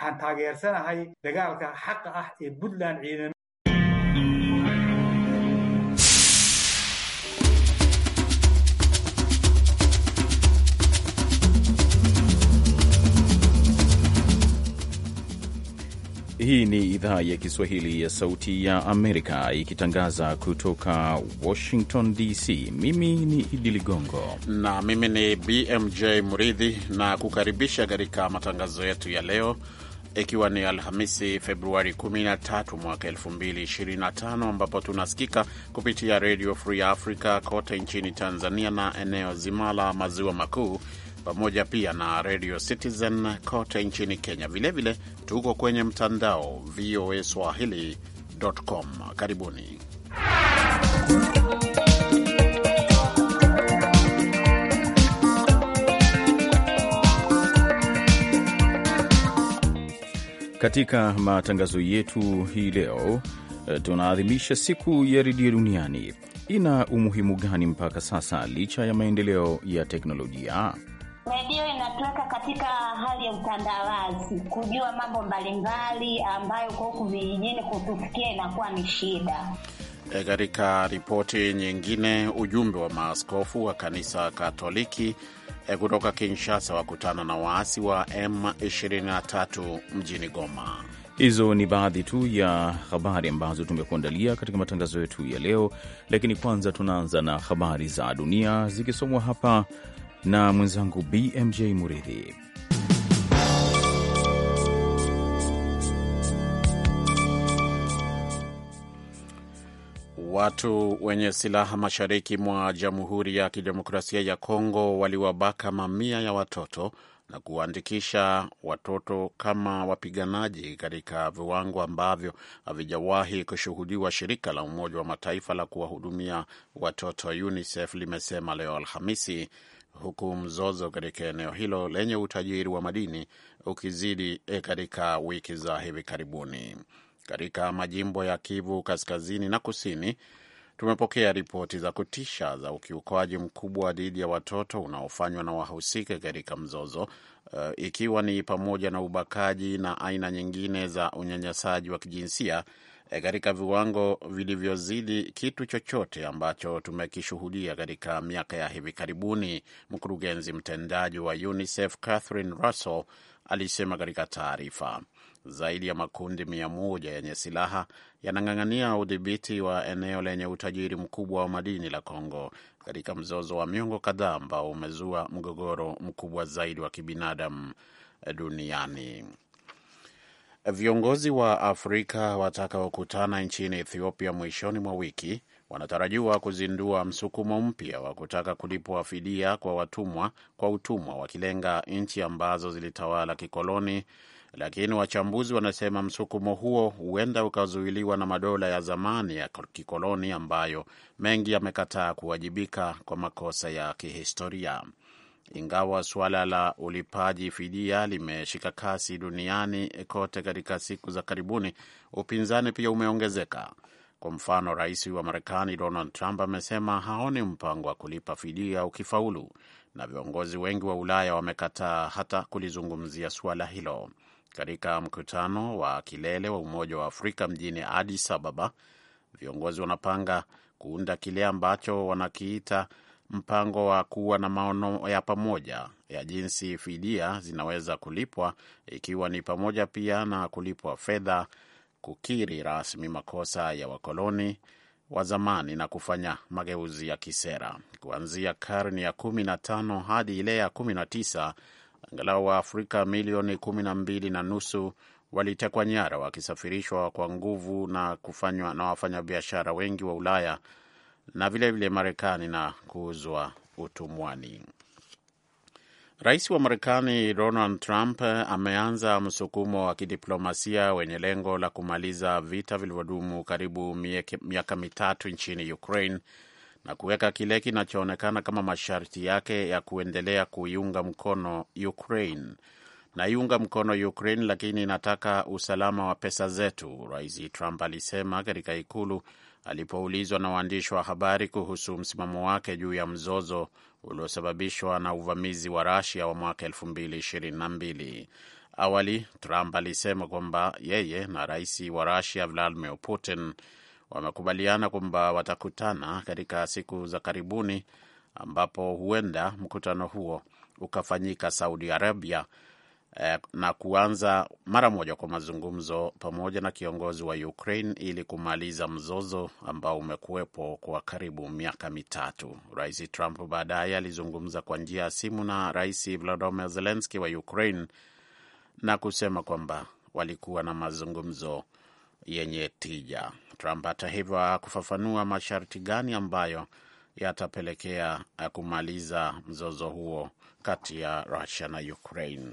waxaan taageersanahay dagaalka xaqa ah ee puntland ciidan Hii ni idhaa ya Kiswahili ya Sauti ya Amerika ikitangaza kutoka Washington DC. Mimi ni Idi Ligongo na mimi ni BMJ Muridhi, na kukaribisha katika matangazo yetu ya leo ikiwa ni Alhamisi Februari 13 mwaka 2025, ambapo tunasikika kupitia Radio Free Africa kote nchini Tanzania na eneo zima la maziwa makuu pamoja pia na Radio Citizen kote nchini Kenya. Vilevile vile, tuko kwenye mtandao VOA Swahili.com. Karibuni Katika matangazo yetu hii leo eh, tunaadhimisha siku ya redio duniani. Ina umuhimu gani mpaka sasa licha ya maendeleo ya teknolojia? Redio inatuweka katika hali ya utandawazi, kujua mambo mbalimbali ambayo kwa huku vijijini kutufikia inakuwa ni shida. Eh, katika ripoti nyingine, ujumbe wa maaskofu wa kanisa Katoliki Eh, kutoka Kinshasa wakutana na waasi wa M23 mjini Goma. Hizo ni baadhi tu ya habari ambazo tumekuandalia katika matangazo yetu ya leo, lakini kwanza tunaanza na habari za dunia zikisomwa hapa na mwenzangu BMJ Muridhi. Watu wenye silaha mashariki mwa Jamhuri ya Kidemokrasia ya Kongo waliwabaka mamia ya watoto na kuwaandikisha watoto kama wapiganaji katika viwango ambavyo havijawahi kushuhudiwa. Shirika la Umoja wa Mataifa la kuwahudumia watoto UNICEF limesema leo Alhamisi, huku mzozo katika eneo hilo lenye utajiri wa madini ukizidi eh, katika wiki za hivi karibuni katika majimbo ya Kivu kaskazini na kusini. Tumepokea ripoti za kutisha za ukiukaji mkubwa dhidi ya watoto unaofanywa na wahusika katika mzozo, uh, ikiwa ni pamoja na ubakaji na aina nyingine za unyanyasaji wa kijinsia eh, katika viwango vilivyozidi kitu chochote ambacho tumekishuhudia katika miaka ya hivi karibuni. Mkurugenzi mtendaji wa UNICEF Catherine Russell alisema katika taarifa zaidi ya makundi mia moja yenye silaha yanang'ang'ania udhibiti wa eneo lenye utajiri mkubwa wa madini la Kongo katika mzozo wa miongo kadhaa ambao umezua mgogoro mkubwa zaidi wa kibinadamu duniani. Viongozi wa Afrika watakaokutana nchini Ethiopia mwishoni mwa wiki wanatarajiwa kuzindua msukumo mpya wa kutaka kulipwa fidia kwa watumwa kwa utumwa, wakilenga nchi ambazo zilitawala kikoloni lakini wachambuzi wanasema msukumo huo huenda ukazuiliwa na madola ya zamani ya kikoloni ambayo mengi yamekataa kuwajibika kwa makosa ya kihistoria. Ingawa suala la ulipaji fidia limeshika kasi duniani kote katika siku za karibuni, upinzani pia umeongezeka. Kwa mfano, rais wa Marekani Donald Trump amesema haoni mpango wa kulipa fidia ukifaulu, na viongozi wengi wa Ulaya wamekataa hata kulizungumzia suala hilo. Katika mkutano wa kilele wa Umoja wa Afrika mjini Addis Ababa, viongozi wanapanga kuunda kile ambacho wanakiita mpango wa kuwa na maono ya pamoja ya jinsi fidia zinaweza kulipwa, ikiwa ni pamoja pia na kulipwa fedha, kukiri rasmi makosa ya wakoloni wa zamani na kufanya mageuzi ya kisera. Kuanzia karne ya kumi na tano hadi ile ya kumi na tisa angalau afrika milioni kumi na mbili na nusu walitekwa nyara wakisafirishwa kwa nguvu na kufanywa na wafanyabiashara wengi wa Ulaya na vilevile Marekani na kuuzwa utumwani. Rais wa Marekani Donald Trump ameanza msukumo wa kidiplomasia wenye lengo la kumaliza vita vilivyodumu karibu miaka mitatu nchini Ukraine na kuweka kile kinachoonekana kama masharti yake ya kuendelea kuiunga mkono Ukraine. Naiunga mkono Ukraine, lakini inataka usalama wa pesa zetu, Rais Trump alisema katika ikulu alipoulizwa na waandishi wa habari kuhusu msimamo wake juu ya mzozo uliosababishwa na uvamizi wa Rusia wa mwaka 2022. Awali Trump alisema kwamba yeye na rais wa Rusia Vladimir Putin wamekubaliana kwamba watakutana katika siku za karibuni, ambapo huenda mkutano huo ukafanyika Saudi Arabia eh, na kuanza mara moja kwa mazungumzo pamoja na kiongozi wa Ukraine ili kumaliza mzozo ambao umekuwepo kwa karibu miaka mitatu. Rais Trump baadaye alizungumza kwa njia ya simu na Rais Volodymyr Zelensky wa Ukraine na kusema kwamba walikuwa na mazungumzo yenye tija. Trump hata hivyo hakufafanua masharti gani ambayo yatapelekea kumaliza mzozo huo kati ya Rusia na Ukraine.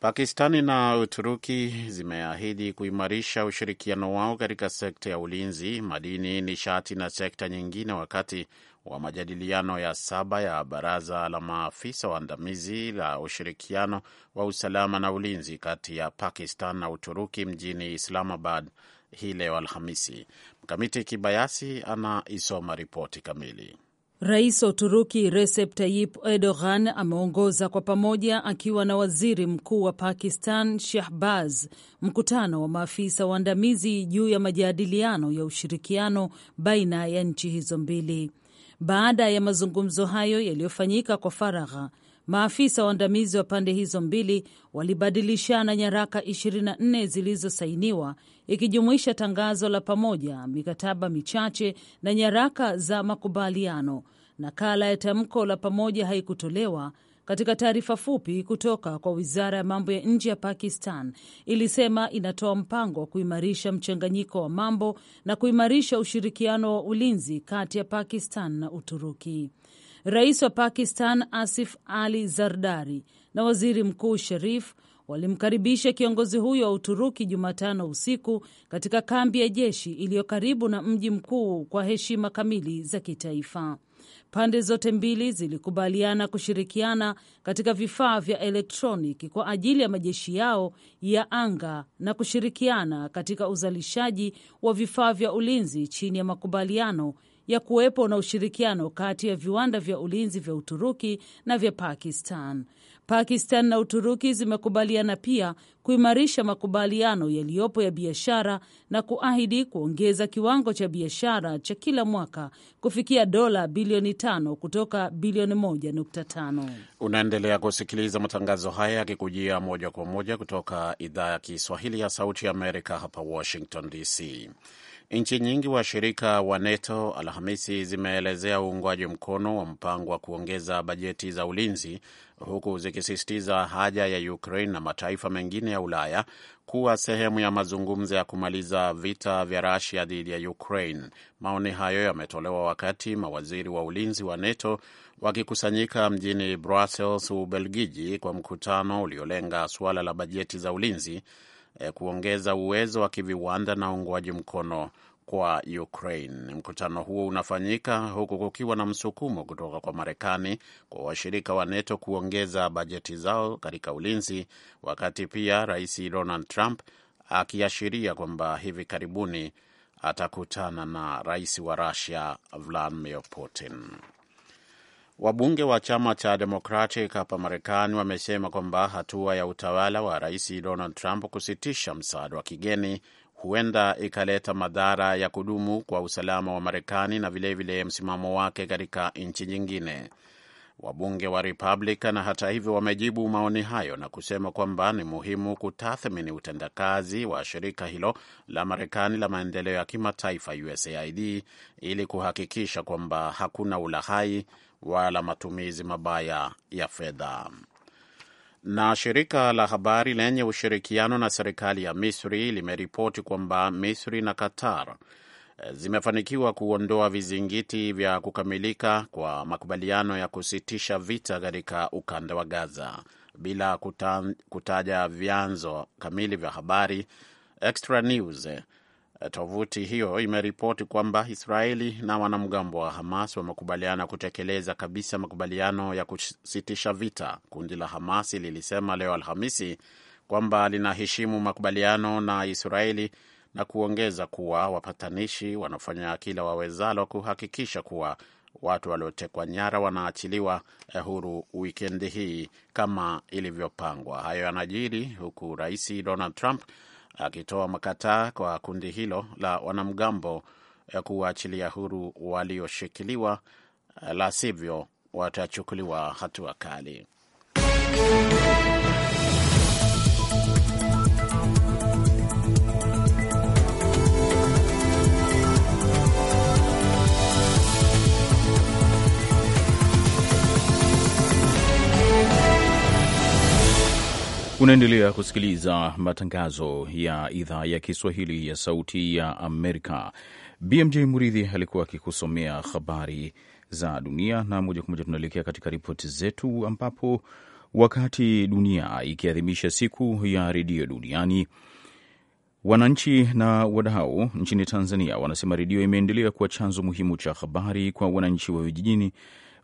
Pakistani na Uturuki zimeahidi kuimarisha ushirikiano wao katika sekta ya ulinzi, madini, nishati na sekta nyingine, wakati wa majadiliano ya saba ya baraza la maafisa waandamizi la ushirikiano wa usalama na ulinzi kati ya Pakistan na Uturuki mjini Islamabad hii leo Alhamisi. Mkamiti Kibayasi anaisoma ripoti kamili. Rais wa Uturuki Recep Tayyip Erdogan ameongoza kwa pamoja akiwa na waziri mkuu wa Pakistan Shahbaz mkutano wa maafisa waandamizi juu ya majadiliano ya ushirikiano baina ya nchi hizo mbili. Baada ya mazungumzo hayo yaliyofanyika kwa faragha, maafisa waandamizi wa pande hizo mbili walibadilishana nyaraka 24 zilizosainiwa ikijumuisha tangazo la pamoja, mikataba michache na nyaraka za makubaliano. Nakala ya tamko la pamoja haikutolewa katika taarifa fupi kutoka kwa wizara ya mambo ya nje ya Pakistan, ilisema inatoa mpango wa kuimarisha mchanganyiko wa mambo na kuimarisha ushirikiano wa ulinzi kati ya Pakistan na Uturuki. Rais wa Pakistan Asif Ali Zardari na waziri mkuu Sharif walimkaribisha kiongozi huyo wa Uturuki Jumatano usiku katika kambi ya jeshi iliyo karibu na mji mkuu kwa heshima kamili za kitaifa. Pande zote mbili zilikubaliana kushirikiana katika vifaa vya elektroniki kwa ajili ya majeshi yao ya anga na kushirikiana katika uzalishaji wa vifaa vya ulinzi chini ya makubaliano ya kuwepo na ushirikiano kati ya viwanda vya ulinzi vya Uturuki na vya Pakistan. Pakistan na Uturuki zimekubaliana pia kuimarisha makubaliano yaliyopo ya biashara na kuahidi kuongeza kiwango cha biashara cha kila mwaka kufikia dola bilioni tano kutoka bilioni moja nukta tano. Unaendelea kusikiliza matangazo haya yakikujia moja kwa moja kutoka idhaa ya Kiswahili ya Sauti ya Amerika hapa Washington DC. Nchi nyingi washirika wa NATO Alhamisi zimeelezea uungwaji mkono wa mpango wa kuongeza bajeti za ulinzi, huku zikisisitiza haja ya Ukraine na mataifa mengine ya Ulaya kuwa sehemu ya mazungumzo ya kumaliza vita vya Rusia dhidi ya Ukraine. Maoni hayo yametolewa wakati mawaziri wa ulinzi wa NATO wakikusanyika mjini Brussels, Ubelgiji, kwa mkutano uliolenga suala la bajeti za ulinzi eh, kuongeza uwezo wa kiviwanda na uungwaji mkono kwa Ukraine. Mkutano huo unafanyika huku kukiwa na msukumo kutoka kwa Marekani kwa washirika wa NATO kuongeza bajeti zao katika ulinzi, wakati pia Rais Donald Trump akiashiria kwamba hivi karibuni atakutana na rais wa Russia Vladimir Putin. Wabunge wa chama cha Democratic hapa Marekani wamesema kwamba hatua ya utawala wa Rais Donald Trump kusitisha msaada wa kigeni huenda ikaleta madhara ya kudumu kwa usalama wa Marekani na vilevile msimamo wake katika nchi nyingine. Wabunge wa Republican hata hivyo wamejibu maoni hayo na kusema kwamba ni muhimu kutathmini utendakazi wa shirika hilo la Marekani la maendeleo ya kimataifa USAID ili kuhakikisha kwamba hakuna ulahai, wala matumizi mabaya ya fedha. Na shirika la habari lenye ushirikiano na serikali ya Misri limeripoti kwamba Misri na Qatar eh, zimefanikiwa kuondoa vizingiti vya kukamilika kwa makubaliano ya kusitisha vita katika ukanda wa Gaza. Bila kuta, kutaja vyanzo kamili vya habari, Extra News eh, Eh, tovuti hiyo imeripoti kwamba Israeli na wanamgambo wa Hamas wamekubaliana kutekeleza kabisa makubaliano ya kusitisha vita. Kundi la Hamasi lilisema leo Alhamisi kwamba linaheshimu makubaliano na Israeli na kuongeza kuwa wapatanishi wanafanya kila wawezalo kuhakikisha kuwa watu waliotekwa nyara wanaachiliwa eh, huru wikendi hii kama ilivyopangwa. Hayo yanajiri huku Rais Donald Trump akitoa makataa kwa kundi hilo la wanamgambo eh, kuwaachilia huru walioshikiliwa, eh, la sivyo watachukuliwa hatua kali. Unaendelea kusikiliza matangazo ya idhaa ya Kiswahili ya Sauti ya Amerika. BMJ Muridhi alikuwa akikusomea habari za dunia, na moja kwa moja tunaelekea katika ripoti zetu, ambapo wakati dunia ikiadhimisha siku ya redio duniani wananchi na wadau nchini Tanzania wanasema redio imeendelea kuwa chanzo muhimu cha habari kwa wananchi wa vijijini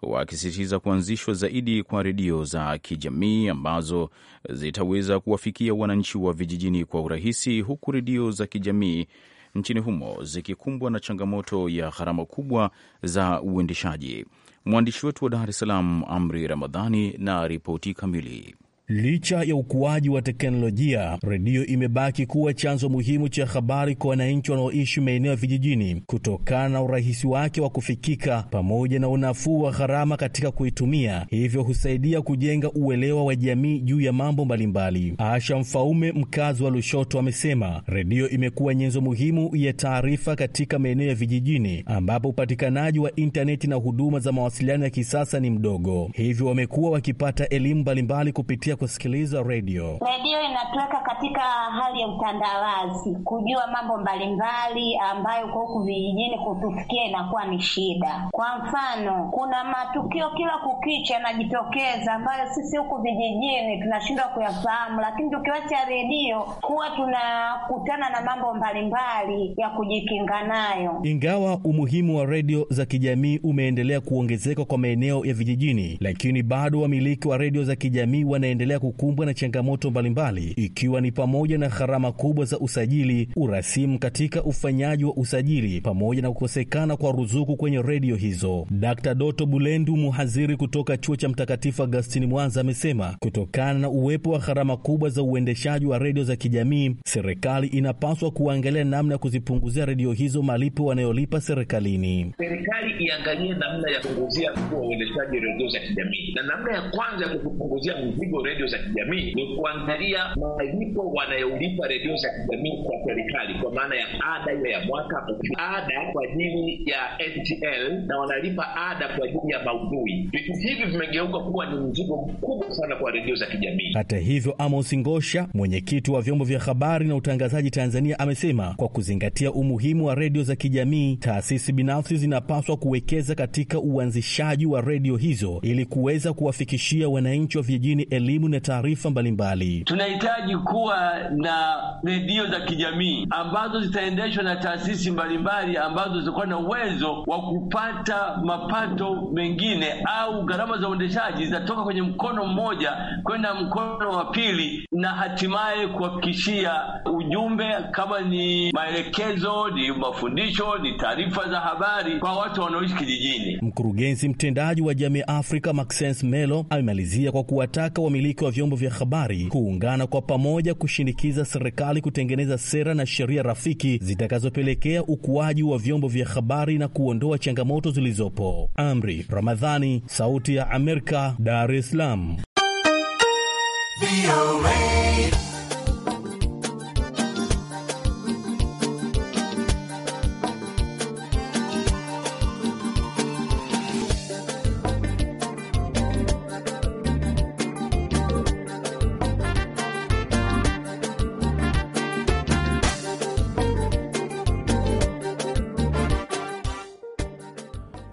wakisisitiza kuanzishwa zaidi kwa redio za kijamii ambazo zitaweza kuwafikia wananchi wa vijijini kwa urahisi, huku redio za kijamii nchini humo zikikumbwa na changamoto ya gharama kubwa za uendeshaji. Mwandishi wetu wa Dar es Salaam, Amri Ramadhani, na ripoti kamili. Licha ya ukuaji wa teknolojia, redio imebaki kuwa chanzo muhimu cha habari kwa wananchi wanaoishi maeneo ya vijijini kutokana na urahisi wake wa kufikika pamoja na unafuu wa gharama katika kuitumia, hivyo husaidia kujenga uelewa wa jamii juu ya mambo mbalimbali. Asha Mfaume, mkazi wa Lushoto, amesema redio imekuwa nyenzo muhimu ya taarifa katika maeneo ya vijijini ambapo upatikanaji wa intaneti na huduma za mawasiliano ya kisasa ni mdogo, hivyo wamekuwa wakipata elimu mbalimbali kupitia kusikiliza redio. Redio inatuweka katika hali ya utandawazi, kujua mambo mbalimbali ambayo kwa huku vijijini kutufikia inakuwa ni shida. Kwa mfano, kuna matukio kila kukicha yanajitokeza ambayo sisi huku vijijini tunashindwa kuyafahamu, lakini tukiwacha redio huwa tunakutana na mambo mbalimbali ya kujikinga nayo. Ingawa umuhimu wa redio za kijamii umeendelea kuongezeka kwa maeneo ya vijijini, lakini bado wamiliki wa redio za kijamii wanaendelea wanaendelea kukumbwa na changamoto mbalimbali, ikiwa ni pamoja na gharama kubwa za usajili, urasimu katika ufanyaji wa usajili, pamoja na kukosekana kwa ruzuku kwenye redio hizo. Dkt. Doto Bulendu, muhaziri kutoka chuo cha Mtakatifu Agustini Mwanza, amesema kutokana na uwepo wa gharama kubwa za uendeshaji wa redio za kijamii, serikali inapaswa kuangalia namna ya kuzipunguzia redio hizo malipo wanayolipa serikalini. Serikali iangalie namna ya kupunguzia uendeshaji redio za kijamii, na namna ya kwanza ya kupunguzia mzigo redio za kijamii ni kuangalia malipo wanayolipa redio za kijamii kwa serikali, kwa maana ya ada ile ya mwaka, ada kwa ajili ya STL na wanalipa ada kwa ajili ya maudhui. Vitu hivi vimegeuka kuwa ni mzigo mkubwa sana kwa redio za kijamii. Hata hivyo, Amos Ngosha, mwenyekiti wa vyombo vya habari na utangazaji Tanzania, amesema kwa kuzingatia umuhimu wa redio za kijamii, taasisi binafsi zinapaswa kuwekeza katika uanzishaji wa redio hizo ili kuweza kuwafikishia wananchi wa vijijini elimu elimu na taarifa mbalimbali. Tunahitaji kuwa na redio za kijamii ambazo zitaendeshwa na taasisi mbalimbali ambazo zitakuwa na uwezo wa kupata mapato mengine, au gharama za uendeshaji zitatoka kwenye mkono mmoja kwenda mkono wa pili, na hatimaye kuhakikishia ujumbe, kama ni maelekezo, ni mafundisho, ni taarifa za habari kwa watu wanaoishi kijijini. Mkurugenzi mtendaji wa Jamii Afrika Maxence Melo amemalizia kwa kuwataka wamiliki wamiliki wa vyombo vya habari kuungana kwa pamoja kushinikiza serikali kutengeneza sera na sheria rafiki zitakazopelekea ukuaji wa vyombo vya habari na kuondoa changamoto zilizopo. Amri Ramadhani, Sauti ya Amerika, Dar es Salaam.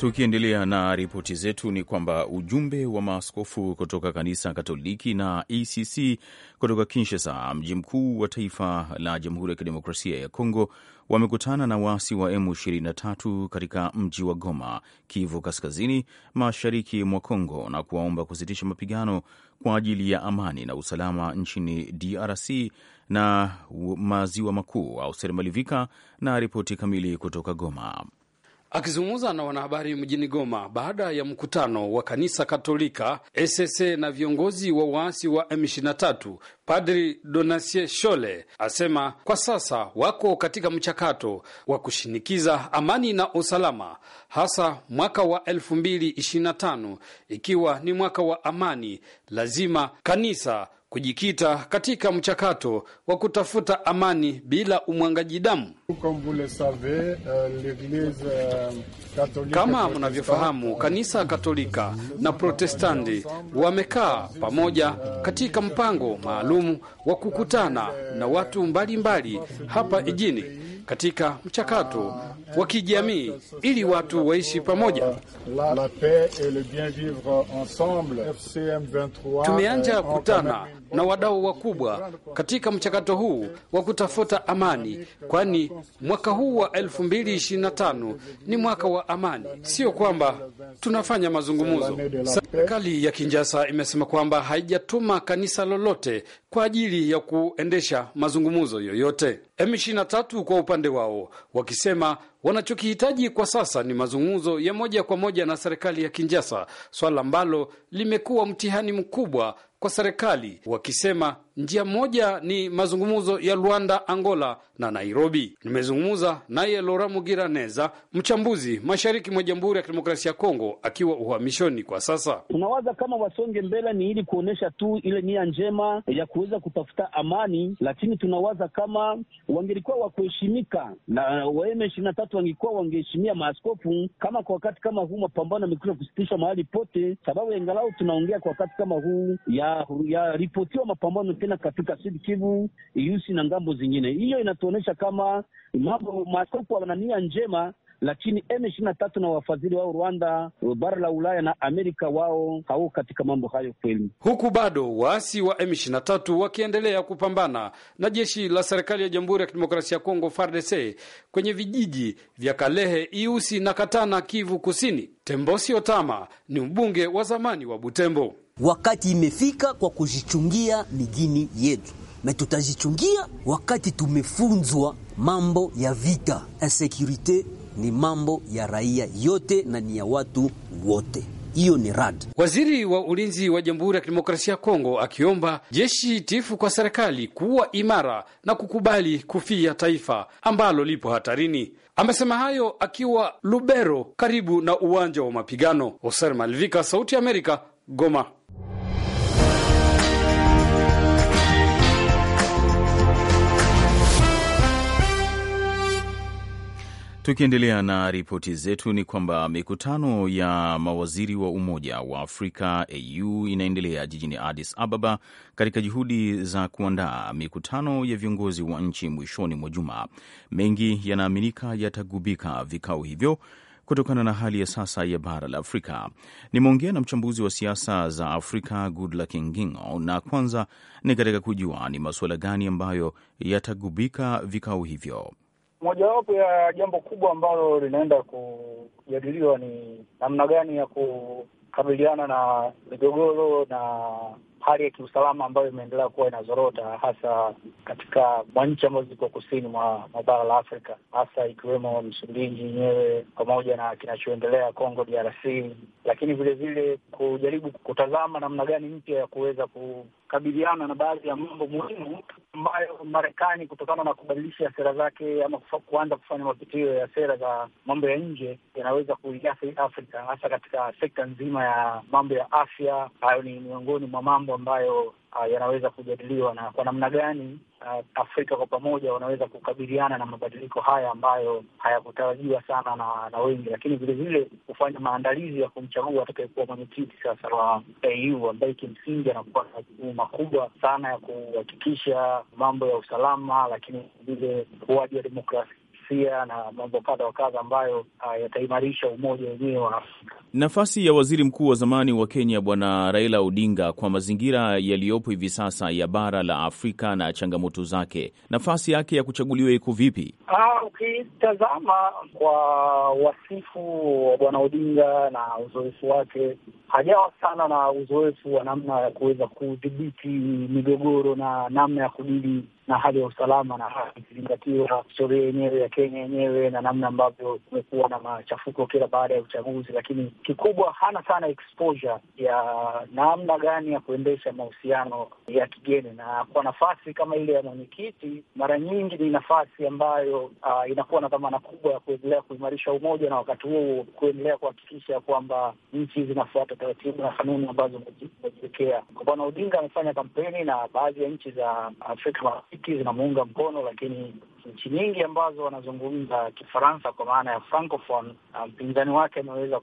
Tukiendelea na ripoti zetu ni kwamba ujumbe wa maaskofu kutoka kanisa Katoliki na acc e kutoka Kinshasa, mji mkuu wa taifa la Jamhuri ya Kidemokrasia ya Kongo, wamekutana na waasi wa M23 katika mji wa Goma, Kivu Kaskazini, mashariki mwa Kongo, na kuwaomba kusitisha mapigano kwa ajili ya amani na usalama nchini DRC na maziwa makuu. Auser Malivika na ripoti kamili kutoka Goma. Akizungumza na wanahabari mjini Goma baada ya mkutano wa kanisa Katolika SSC na viongozi wa waasi wa M23, Padri Donasie Shole asema kwa sasa wako katika mchakato wa kushinikiza amani na usalama, hasa mwaka wa 2025 ikiwa ni mwaka wa amani, lazima kanisa kujikita katika mchakato wa kutafuta amani bila umwangaji damu. Euh, euh, Kama mnavyofahamu, kanisa Katolika na Protestanti wamekaa pamoja katika mpango maalum wa kukutana na watu mbalimbali mbali hapa jijini katika mchakato wa kijamii ili watu waishi pamoja. Tumeanja euh, kutana na wadau wakubwa katika mchakato huu wa kutafuta amani, kwani mwaka huu wa 2025 ni mwaka wa amani, sio kwamba tunafanya mazungumzo. Serikali ya kinjasa imesema kwamba haijatuma kanisa lolote kwa ajili ya kuendesha mazungumzo yoyote. M23 kwa upande wao wakisema wanachokihitaji kwa sasa ni mazungumzo ya moja kwa moja na serikali ya kinjasa swala ambalo limekuwa mtihani mkubwa kwa serikali wakisema Njia moja ni mazungumzo ya Luanda, Angola na Nairobi. Nimezungumza naye Lora Mugiraneza, mchambuzi mashariki mwa Jamhuri ya Kidemokrasia ya Kongo, akiwa uhamishoni kwa sasa. Tunawaza kama wasonge mbele ni ili kuonyesha tu ile nia njema ya kuweza kutafuta amani, lakini tunawaza kama wangelikuwa wakuheshimika na waeme ishirini na tatu wangekuwa wangeheshimia maaskofu, kama kwa wakati kama huu mapambano yamekwisha kusitishwa mahali pote, sababu angalau tunaongea kwa wakati kama huu ya ripotiwa mapambano tena katika Sud Kivu, Iusi na ngambo zingine. Hiyo inatuonyesha kama mambo maaskofu wana nia njema lakini M23 na wafadhili wao Rwanda, bara la Ulaya na Amerika, wao hao katika mambo hayo kweli, huku bado waasi wa M23 wakiendelea kupambana na jeshi la serikali ya Jamhuri ya Kidemokrasia ya Kongo FARDC kwenye vijiji vya Kalehe, Iusi na Katana, Kivu Kusini. Tembosi Otama ni mbunge wa zamani wa Butembo wakati imefika kwa kujichungia migini yetu, na tutajichungia wakati tumefunzwa mambo ya vita. Insecurity ni mambo ya raia yote na ni ya watu wote. Hiyo ni rad. Waziri wa ulinzi wa Jamhuri ya Kidemokrasia ya Kongo akiomba jeshi tifu kwa serikali kuwa imara na kukubali kufia taifa ambalo lipo hatarini. Amesema hayo akiwa Lubero, karibu na uwanja wa mapigano. Oser Malvika, Sauti ya Amerika, Goma. Tukiendelea na ripoti zetu ni kwamba mikutano ya mawaziri wa Umoja wa Afrika AU inaendelea jijini Addis Ababa katika juhudi za kuandaa mikutano ya viongozi wa nchi mwishoni mwa juma. Mengi yanaaminika yatagubika vikao hivyo kutokana na hali ya sasa ya bara la Afrika. Nimeongea na mchambuzi wa siasa za Afrika Goodluck Ngingo, na kwanza ni katika kujua ni masuala gani ambayo yatagubika vikao hivyo mojawapo ya jambo kubwa ambalo linaenda kujadiliwa ni namna gani ya kukabiliana na migogoro na hali ya kiusalama ambayo imeendelea kuwa inazorota hasa katika mwa nchi ambazo ziko kusini mwa bara la Afrika, hasa ikiwemo Msumbiji yenyewe pamoja na kinachoendelea Congo DRC, lakini vilevile kujaribu kutazama namna gani mpya ya kuweza ku kukabiliana na baadhi ya mambo muhimu ambayo Marekani kutokana na kubadilisha sera zake ama kuanza kufanya mapitio ya sera za mambo ya nje yanaweza kuiathiri Afrika hasa katika sekta nzima ya mambo ya afya. Hayo ni miongoni mwa mambo ambayo Ah, yanaweza kujadiliwa na kwa namna gani uh, Afrika kwa pamoja wanaweza kukabiliana na mabadiliko haya ambayo hayakutarajiwa sana na, na wengi, lakini vilevile kufanya maandalizi ya kumchagua atakayekuwa mwenyekiti sasa wa AU ambaye kimsingi anakuwa na majukumu makubwa sana ya kuhakikisha mambo ya usalama, lakini vile ukuaji wa demokrasia jinsia na mambo kadha wa kadha ambayo uh, yataimarisha umoja wenyewe wa Afrika. Nafasi ya waziri mkuu wa zamani wa Kenya Bwana Raila Odinga kwa mazingira yaliyopo hivi sasa ya bara la Afrika na changamoto zake, nafasi yake ya kuchaguliwa iko vipi? Ah, ukitazama okay, kwa wasifu wa Bwana Odinga na uzoefu wake, hajawa sana na uzoefu wa namna ya kuweza kudhibiti migogoro na namna ya kudili na hali ya usalama na hali ikizingatiwa historia yenyewe ya Kenya yenyewe na namna ambavyo kumekuwa na machafuko kila baada ya uchaguzi, lakini kikubwa hana sana exposure ya namna gani ya kuendesha mahusiano ya kigeni, na kwa nafasi kama ile ya mwenyekiti, mara nyingi ni nafasi ambayo uh, inakuwa na dhamana kubwa ya kuendelea kuimarisha umoja na wakati huo kuendelea kuhakikisha kwamba nchi zinafuata taratibu na kanuni ambazo umejiwekea. Bwana Odinga amefanya kampeni na baadhi ya nchi za Afrika Mashariki zinamuunga mkono, lakini nchi nyingi ambazo wanazungumza Kifaransa kwa maana ya francophone, mpinzani wake ameweza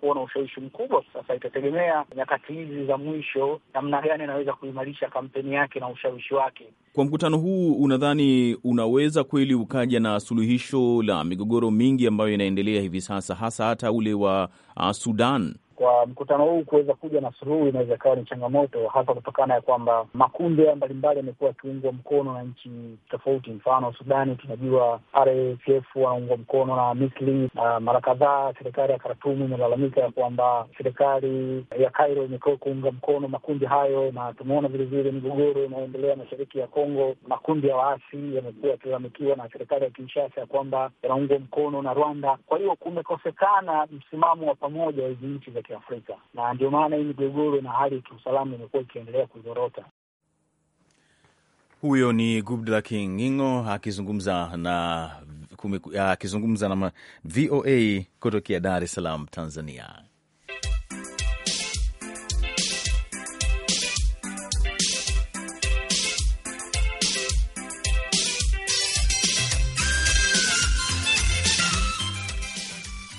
kuona ushawishi mkubwa. Sasa itategemea nyakati hizi za mwisho namna gani anaweza kuimarisha kampeni yake na ushawishi wake. Kwa mkutano huu, unadhani unaweza kweli ukaja na suluhisho la migogoro mingi ambayo inaendelea hivi sasa, hasa hata ule wa uh, Sudan? kwa mkutano huu kuweza kuja na suluhu inaweza ikawa ni changamoto, hasa kutokana ya kwamba makundi haya mbalimbali yamekuwa yakiungwa mkono na nchi tofauti. Mfano Sudani, tunajua RSF wanaungwa mkono na Misri, na mara kadhaa serikali ya Khartoum imelalamika ya kwamba serikali ya Cairo imekuwa kuunga mkono makundi hayo, na tumeona vilevile migogoro inayoendelea mashariki ya Kongo, makundi ya waasi yamekuwa yakilalamikiwa na serikali ya Kinshasa ya kwamba yanaungwa mkono na Rwanda. Kwa hiyo kumekosekana msimamo wa pamoja wa hizi nchi za ya Kiafrika, na ndio maana hii migogoro na hali ya kiusalama imekuwa ikiendelea kuzorota. Huyo ni King Ngingo akizungumza na akizungumza na VOA kutokea Dar es Salaam, Tanzania.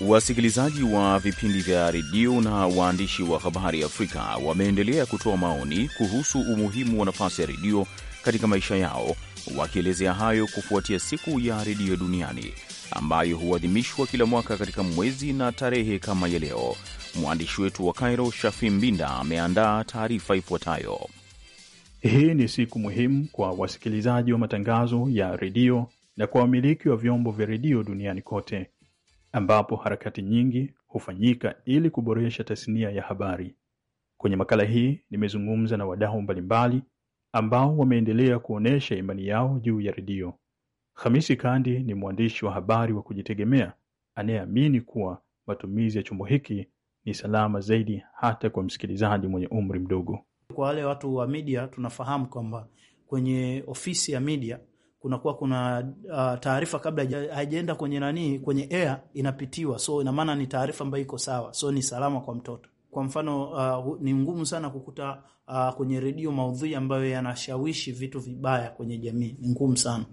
Wasikilizaji wa vipindi vya redio na waandishi wa habari Afrika wameendelea kutoa maoni kuhusu umuhimu wa nafasi ya redio katika maisha yao, wakielezea hayo kufuatia siku ya redio duniani ambayo huadhimishwa kila mwaka katika mwezi na tarehe kama ya leo. Mwandishi wetu wa Cairo, Shafi Mbinda, ameandaa taarifa ifuatayo. Hii ni siku muhimu kwa wasikilizaji wa matangazo ya redio na kwa wamiliki wa vyombo vya redio duniani kote ambapo harakati nyingi hufanyika ili kuboresha tasnia ya habari. Kwenye makala hii nimezungumza na wadau mbalimbali ambao wameendelea kuonesha imani yao juu ya redio. Hamisi Kandi ni mwandishi wa habari wa kujitegemea anayeamini kuwa matumizi ya chombo hiki ni salama zaidi hata kwa msikilizaji mwenye umri mdogo. Kwa wale watu wa media, tunafahamu kwamba kwenye ofisi ya media kunakuwa kuna, kuna uh, taarifa kabla haijaenda kwenye nani kwenye air inapitiwa, so ina maana ni taarifa ambayo iko sawa, so ni salama kwa mtoto. Kwa mfano uh, ni ngumu sana kukuta uh, kwenye redio maudhui ambayo yanashawishi vitu vibaya kwenye jamii, ni ngumu sana.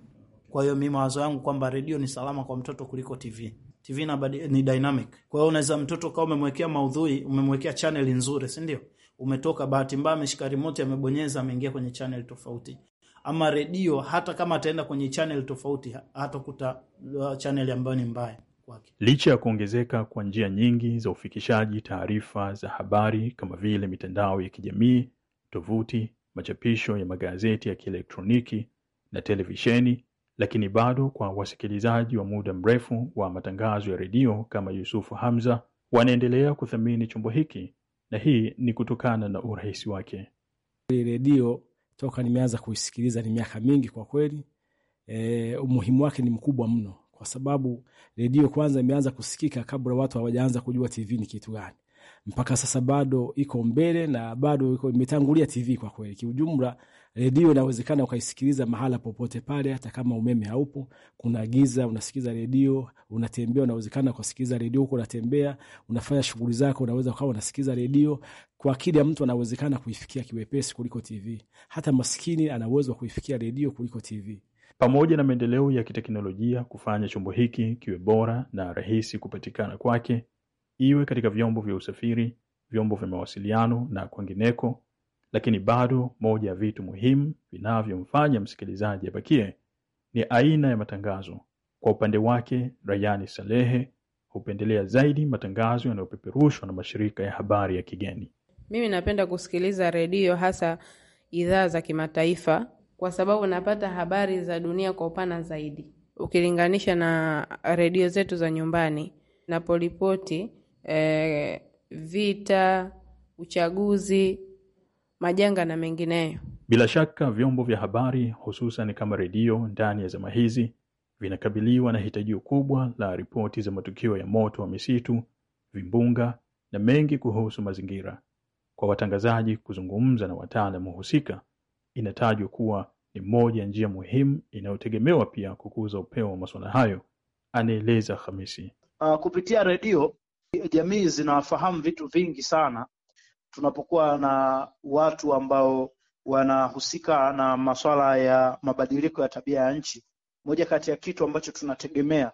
Kwa hiyo mimi mawazo yangu kwamba redio ni salama kwa mtoto kuliko TV. TV na badi, ni dynamic. Kwa hiyo unaweza mtoto kama umemwekea maudhui, umemwekea channel nzuri, si ndio? Umetoka bahati mbaya ameshika remote amebonyeza ameingia kwenye channel tofauti ama redio, hata kama ataenda kwenye channel tofauti, hatakuta uh, channel ambayo ni mbaya kwake. Licha ya kuongezeka kwa njia nyingi za ufikishaji taarifa za habari kama vile mitandao ya kijamii, tovuti, machapisho ya magazeti ya kielektroniki na televisheni, lakini bado kwa wasikilizaji wa muda mrefu wa matangazo ya redio kama Yusufu Hamza wanaendelea kuthamini chombo hiki, na hii ni kutokana na urahisi wake. Redio toka nimeanza kuisikiliza ni miaka mingi kwa kweli. E, umuhimu wake ni mkubwa mno, kwa sababu redio kwanza imeanza kusikika kabla watu hawajaanza kujua TV ni kitu gani mpaka sasa bado iko mbele na bado iko imetangulia TV kwa kweli. Kiujumla, redio inawezekana ukaisikiliza mahala popote pale, hata kama umeme haupo, kuna giza, unasikiliza redio, unatembea, unawezekana ukasikiliza redio huko, unatembea, unafanya shughuli zako, unaweza ukawa unasikiliza redio. Kwa akili ya mtu anawezekana kuifikia kiwepesi kuliko TV. Hata maskini ana uwezo wa kuifikia redio kuliko TV. Pamoja na maendeleo ya kiteknolojia kufanya chombo hiki kiwe bora na rahisi kupatikana kwake, iwe katika vyombo vya usafiri, vyombo vya mawasiliano na kwengineko, lakini bado moja ya vitu muhimu vinavyomfanya msikilizaji abakie ni aina ya matangazo. Kwa upande wake, Rayani Salehe hupendelea zaidi matangazo yanayopeperushwa na mashirika ya habari ya kigeni. Mimi napenda kusikiliza redio, hasa idhaa za kimataifa, kwa sababu napata habari za dunia kwa upana zaidi ukilinganisha na redio zetu za nyumbani. polipoti e, vita, uchaguzi, majanga na mengineyo. Bila shaka vyombo vya habari hususan kama redio ndani ya zama hizi vinakabiliwa na hitaji kubwa la ripoti za matukio ya moto wa misitu, vimbunga na mengi kuhusu mazingira. Kwa watangazaji kuzungumza na wataalamu husika inatajwa kuwa ni moja ya njia muhimu inayotegemewa pia kukuza upeo wa masuala hayo, anaeleza Hamisi. Uh, ah, kupitia redio jamii zinafahamu vitu vingi sana tunapokuwa na watu ambao wanahusika na masuala ya mabadiliko ya tabia ya nchi. Moja kati ya kitu ambacho tunategemea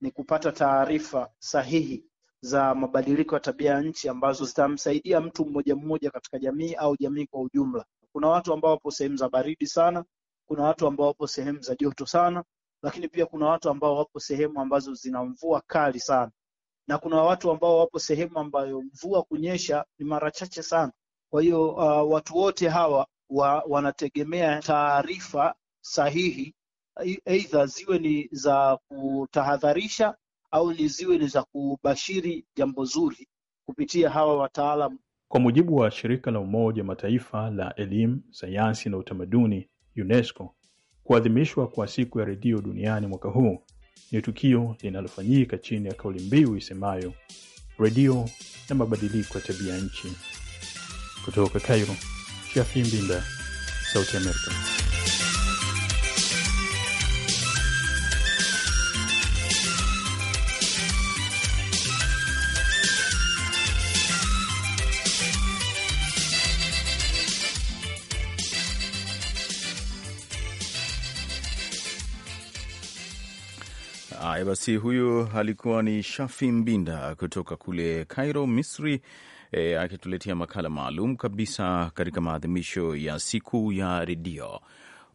ni kupata taarifa sahihi za mabadiliko ya tabia ya nchi ambazo zitamsaidia mtu mmoja mmoja katika jamii au jamii kwa ujumla. Kuna watu ambao wapo sehemu za baridi sana, kuna watu ambao wapo sehemu za joto sana, lakini pia kuna watu ambao wapo sehemu ambazo zina mvua kali sana na kuna watu ambao wapo sehemu ambayo mvua kunyesha ni mara chache sana. Kwa hiyo uh, watu wote hawa wa, wanategemea taarifa sahihi, aidha ziwe ni za kutahadharisha au ni ziwe ni za kubashiri jambo zuri kupitia hawa wataalam Kwa mujibu wa shirika la Umoja Mataifa la elimu, sayansi na utamaduni UNESCO, kuadhimishwa kwa siku ya redio duniani mwaka huu ni tukio linalofanyika chini ya kauli mbiu isemayo redio na mabadiliko ya tabia nchi. Kutoka Cairo, Shafi Mbinda, Sauti Amerika. Haya basi, huyu alikuwa ni Shafi Mbinda kutoka kule Cairo, Misri, e, akituletea makala maalum kabisa katika maadhimisho ya siku ya redio.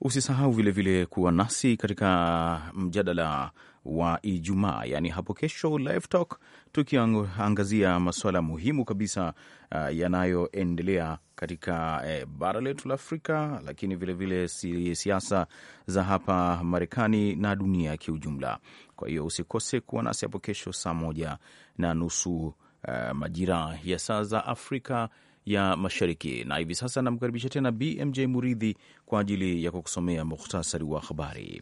Usisahau vilevile kuwa nasi katika mjadala wa Ijumaa, yaani hapo kesho, Live Talk, tukiangazia masuala muhimu kabisa uh, yanayoendelea katika eh, bara letu la Afrika, lakini vilevile si siasa za hapa Marekani na dunia kiujumla. Kwa hiyo usikose kuwa nasi hapo kesho saa moja na nusu uh, majira ya saa za Afrika ya Mashariki. Na hivi sasa namkaribisha tena BMJ Muridhi kwa ajili ya kukusomea muhtasari wa habari.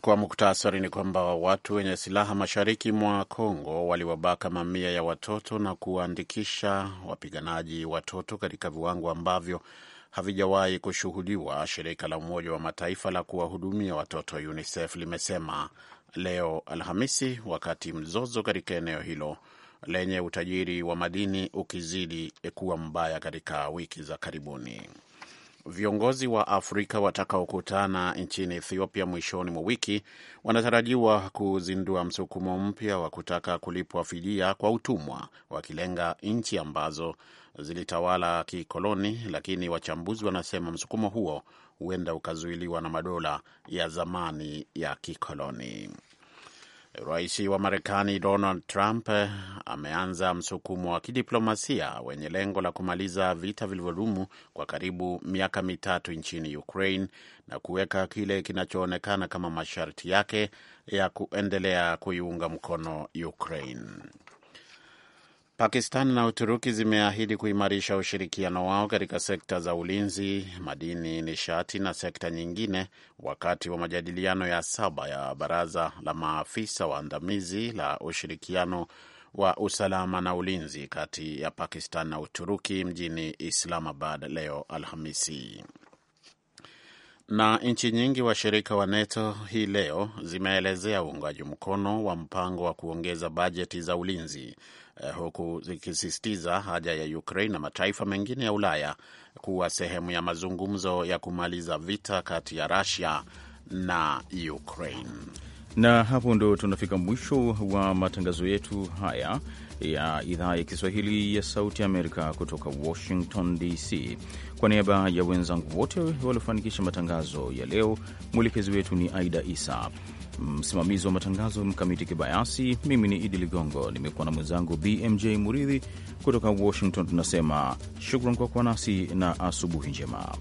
Kwa muktasari ni kwamba watu wenye silaha mashariki mwa Kongo waliwabaka mamia ya watoto na kuwaandikisha wapiganaji watoto katika viwango ambavyo havijawahi kushuhudiwa, shirika la Umoja wa Mataifa la kuwahudumia watoto UNICEF limesema leo Alhamisi, wakati mzozo katika eneo hilo lenye utajiri wa madini ukizidi kuwa mbaya katika wiki za karibuni. Viongozi wa Afrika watakaokutana nchini Ethiopia mwishoni mwa wiki wanatarajiwa kuzindua msukumo mpya wa kutaka kulipwa fidia kwa utumwa, wakilenga nchi ambazo zilitawala kikoloni, lakini wachambuzi wanasema msukumo huo huenda ukazuiliwa na madola ya zamani ya kikoloni. Rais wa Marekani Donald Trump eh, ameanza msukumo wa kidiplomasia wenye lengo la kumaliza vita vilivyodumu kwa karibu miaka mitatu nchini Ukraine na kuweka kile kinachoonekana kama masharti yake ya kuendelea kuiunga mkono Ukraine. Pakistan na Uturuki zimeahidi kuimarisha ushirikiano wao katika sekta za ulinzi, madini, nishati na sekta nyingine wakati wa majadiliano ya saba ya baraza la maafisa waandamizi la ushirikiano wa usalama na ulinzi kati ya Pakistan na Uturuki mjini Islamabad leo Alhamisi. Na nchi nyingi washirika wa NATO hii leo zimeelezea uungaji mkono wa mpango wa kuongeza bajeti za ulinzi. Eh, huku zikisisitiza haja ya Ukraine na mataifa mengine ya Ulaya kuwa sehemu ya mazungumzo ya kumaliza vita kati ya Russia na Ukraine. Na hapo ndo tunafika mwisho wa matangazo yetu haya ya idhaa ya Kiswahili ya Sauti Amerika kutoka Washington DC. Kwa niaba ya wenzangu wote waliofanikisha matangazo ya leo, mwelekezi wetu ni Aida Isa msimamizi wa matangazo Mkamiti Kibayasi. Mimi ni Idi Ligongo, nimekuwa na mwenzangu BMJ Muridhi kutoka Washington. Tunasema shukran kwa kuwa nasi na asubuhi njema.